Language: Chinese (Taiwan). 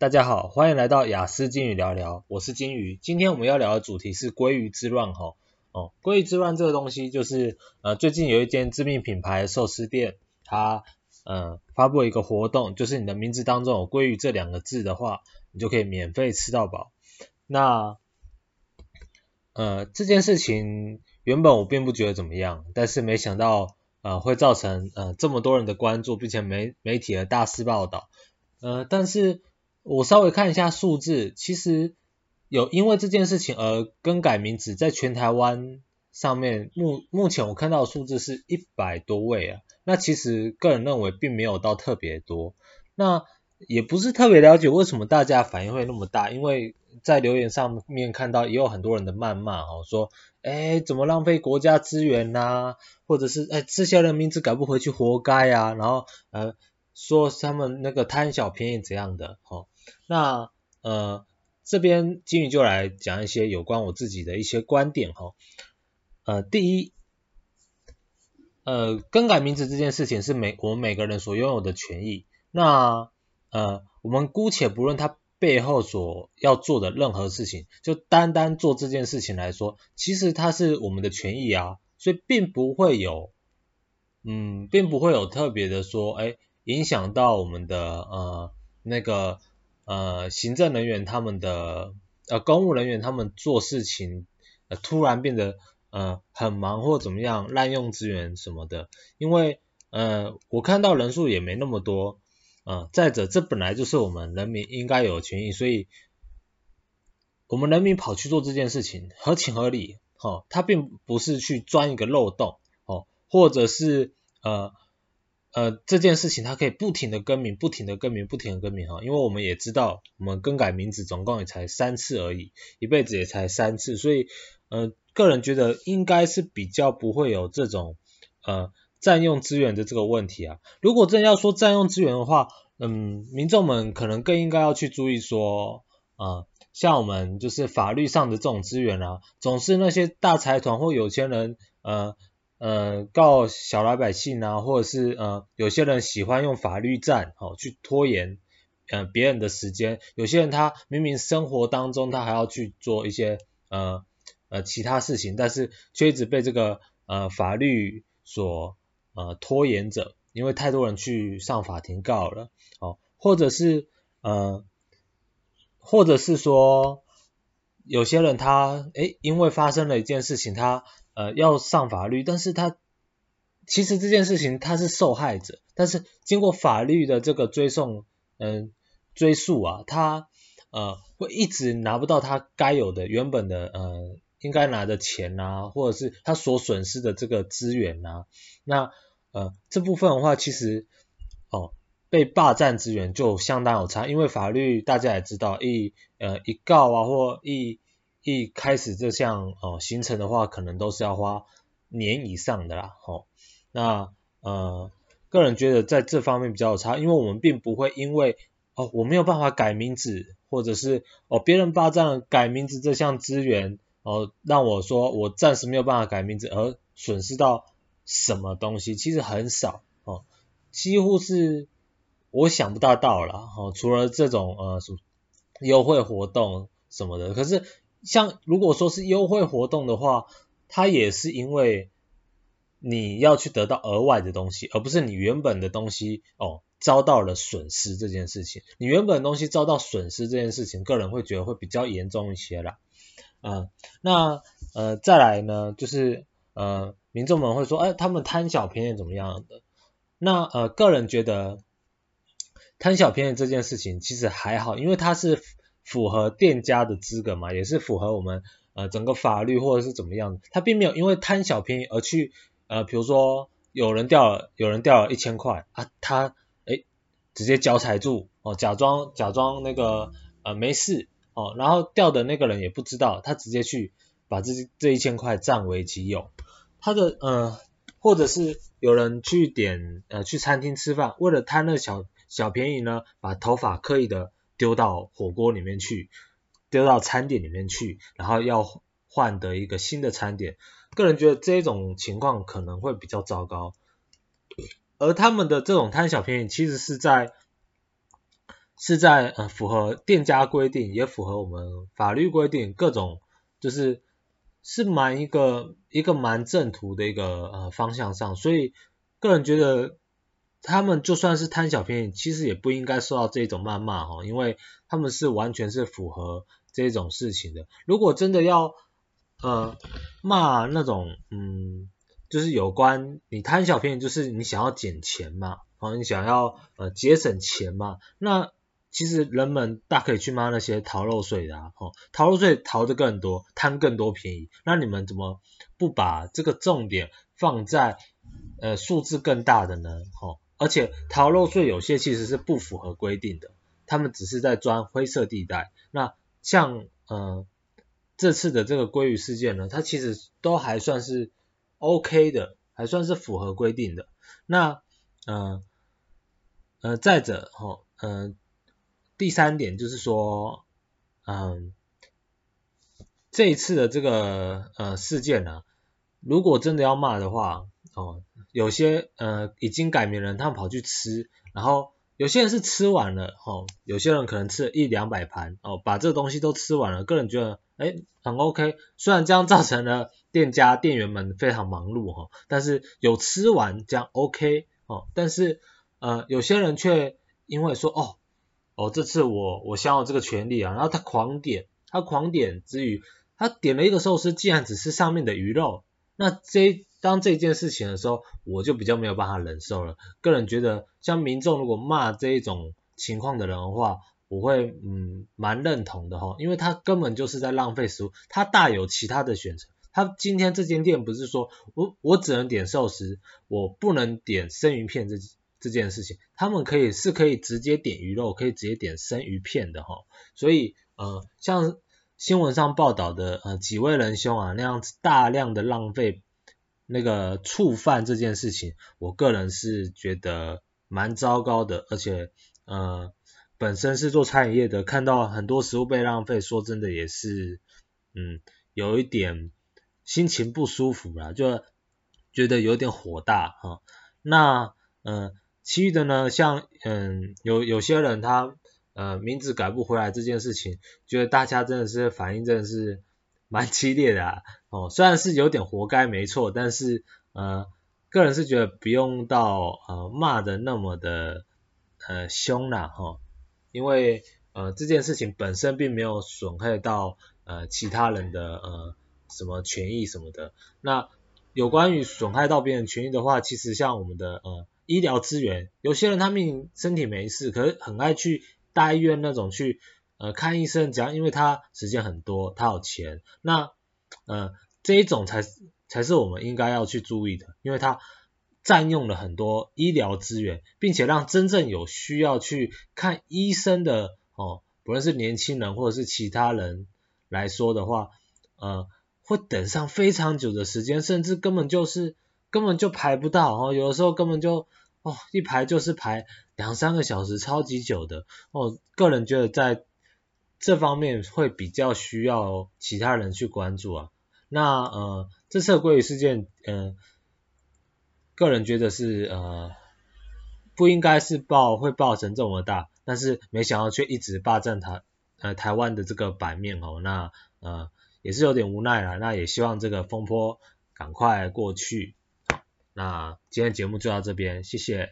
大家好，歡迎來到雅思金魚聊聊，我是金魚。今天我們要聊的主題是鮭魚之亂哈，哦，鮭魚之亂這個東西就是呃最近有一間知名品牌壽司店，它嗯、呃、發布了一個活動，就是你的名字當中有鮭魚這兩個字的話，你就可以免費吃到飽。那呃這件事情原本我並不覺得怎麼樣，但是沒想到呃會造成呃這麼多人的關注，並且媒媒體的大肆報道，呃但是。我稍微看一下數字，其實有因為這件事情而更改名字，在全台灣上面，目目前我看到的數字是一百多位啊。那其實個人認為並沒有到特別多，那也不是特別了解為什麼大家反應會那麼大，因為在留言上面看到也有很多人的謾罵，哦，說，誒怎麼浪費國家資源吶、啊，或者是，誒這些人名字改不回去活該啊。然後，呃，說他們那個貪小便宜這樣的，哦。那呃，這邊金魚就來講一些有關我自己的一些觀點哈。呃，第一，呃，更改名字這件事情是每我們每個人所擁有的權益。那呃，我們姑且不論它背後所要做的任何事情，就單單做這件事情來說，其實它是我們的權益啊，所以並不會有，嗯，並不會有特別的說，哎、欸，影響到我們的呃那個。呃，行政人員他們的呃，公務人員他們做事情呃，突然變得呃很忙或怎麼樣，濫用資源什麼的，因為呃，我看到人數也沒那麼多，嗯、呃，再者這本來就是我們人民應該有的權益，所以我們人民跑去做這件事情合情合理，吼、哦，他並不是去鑽一個漏洞，吼、哦，或者是呃。呃，這件事情它可以不停的更名，不停的更名，不停的更名哈，因為我們也知道，我們更改名字總共也才三次而已，一輩子也才三次，所以，呃，個人覺得應該是比較不會有這種呃佔用資源的這個問題啊。如果真要說佔用資源的話，嗯、呃，民眾們可能更應該要去注意說，啊、呃，像我們就是法律上的這種資源啊，總是那些大財團或有錢人，呃。呃，告小老百姓啊，或者是呃，有些人喜歡用法律戰哦去拖延呃別人的時間。有些人他明明生活當中他還要去做一些呃呃其他事情，但是卻一直被這個呃法律所呃拖延着，因為太多人去上法庭告了，哦，或者是呃，或者是說有些人他誒，因為發生了一件事情他。呃，要上法律，但是他其實這件事情他是受害者，但是經過法律的這個追送，嗯、呃，追訴啊，他呃會一直拿不到他該有的原本的呃應該拿的錢吶、啊，或者是他所損失的這個資源吶、啊，那呃這部分的話，其實哦、呃、被霸占資源就相當有差，因為法律大家也知道，一呃一告啊或一一開始這項哦，行程的話，可能都是要花年以上的啦，吼、哦，那呃，個人覺得在這方面比較有差，因為我們並不會因為哦我沒有辦法改名字，或者是哦別人霸占改名字這項資源，哦讓我說我暫時沒有辦法改名字而損失到什麼東西，其實很少哦，幾乎是我想不大到到了，吼、哦，除了這種呃什麼優惠活動什麼的，可是。像如果說是優惠活動的話，它也是因為你要去得到額外的東西，而不是你原本的東西，哦，遭到了損失這件事情。你原本的東西遭到損失這件事情，個人會覺得會比較嚴重一些啦。啊、呃，那呃再來呢，就是呃民眾們會說，哎，他們貪小便宜怎麼樣的？那呃個人覺得貪小便宜這件事情其實還好，因為它是。符合店家的資格嘛，也是符合我們呃整個法律，或者是怎麼樣，他並沒有因為貪小便宜而去呃比如說有人掉了，有人掉了一千塊啊，他哎、欸、直接腳踩住哦，假裝假裝那個呃沒事哦，然後掉的那個人也不知道，他直接去把這這一千塊佔為己有，他的呃或者是有人去點呃去餐廳吃飯，為了貪那小小便宜呢，把頭髮刻意的。丟到火鍋裡面去，丟到餐點裡面去，然後要換的一個新的餐點。個人覺得這種情況可能會比較糟糕。而他們的這種貪小便宜，其實是在是在符合店家規定，也符合我們法律規定，各種就是是蠻一個一個蠻正途的一個呃方向上。所以個人覺得。他們就算是貪小便宜，其實也不應該受到這種謾罵哈，因為他們是完全是符合這種事情的。如果真的要，呃，罵那種，嗯，就是有關你貪小便宜，就是你想要撿錢嘛，然、哦、你想要呃節省錢嘛，那其實人們大可以去罵那些逃漏稅的、啊，哦，逃漏稅逃得更多，貪更多便宜，那你們怎麼不把這個重點放在呃數字更大的呢？哦？而且逃漏稅有些其實是不符合規定的，他們只是在鑽灰色地帶。那像呃這次的這個鮭魚事件呢，它其實都還算是 OK 的，還算是符合規定的。那呃呃再者齁，嗯、哦呃、第三點就是說，嗯、呃、這一次的這個呃事件呢、啊，如果真的要罵的話，哦。有些呃已經改名了，他們跑去吃，然後有些人是吃完了吼、哦，有些人可能吃了一兩百盤哦，把這個東西都吃完了，個人覺得哎很 OK，雖然這樣造成了店家店員們非常忙碌哈、哦，但是有吃完這樣 OK 哦，但是呃有些人卻因為說哦哦這次我我享有這個權利啊，然後他狂點他狂點之餘，他點了一個壽司，竟然只是上面的魚肉，那這一。當這件事情的時候，我就比較沒有辦法忍受了。個人覺得，像民眾如果罵這一種情況的人的話，我會嗯蠻認同的齁，因為他根本就是在浪費食物，他大有其他的選擇。他今天這間店不是說我我只能點壽司，我不能點生魚片這這件事情，他們可以是可以直接點魚肉，可以直接點生魚片的齁。所以呃，像新聞上報道的呃幾位仁兄啊那樣子大量的浪費。那個觸犯這件事情，我個人是覺得蠻糟糕的，而且，呃，本身是做餐飲業的，看到很多食物被浪費，說真的也是，嗯，有一點心情不舒服啦，就覺得有點火大哈、啊。那，嗯、呃，其餘的呢，像，嗯，有有些人他，呃，名字改不回來這件事情，覺得大家真的是反應真的是。蠻激烈的啊，哦，雖然是有點活該沒錯，但是呃，個人是覺得不用到呃罵得那麼的呃凶啦哈，因為呃這件事情本身並沒有損害到呃其他人的呃什麼權益什麼的。那有關於損害到別人權益的話，其實像我們的呃醫療資源，有些人他命身體沒事，可是很愛去大醫院那種去。呃，看醫生只要因為他時間很多，他有錢，那呃這一種才才是我們應該要去注意的，因為他占用了很多醫療資源，並且讓真正有需要去看醫生的哦，不論是年輕人或者是其他人來說的話，呃，會等上非常久的時間，甚至根本就是根本就排不到，哦，有的時候根本就哦一排就是排兩三個小時，超級久的哦，個人覺得在。這方面會比較需要其他人去關注啊。那呃，這次的鮭魚事件，嗯、呃，個人覺得是呃，不應該是爆會爆成這麼大，但是沒想到卻一直霸占台呃台灣的這個版面哦。那呃也是有點無奈啦。那也希望這個風波趕快過去。那今天節目就到這邊，謝謝。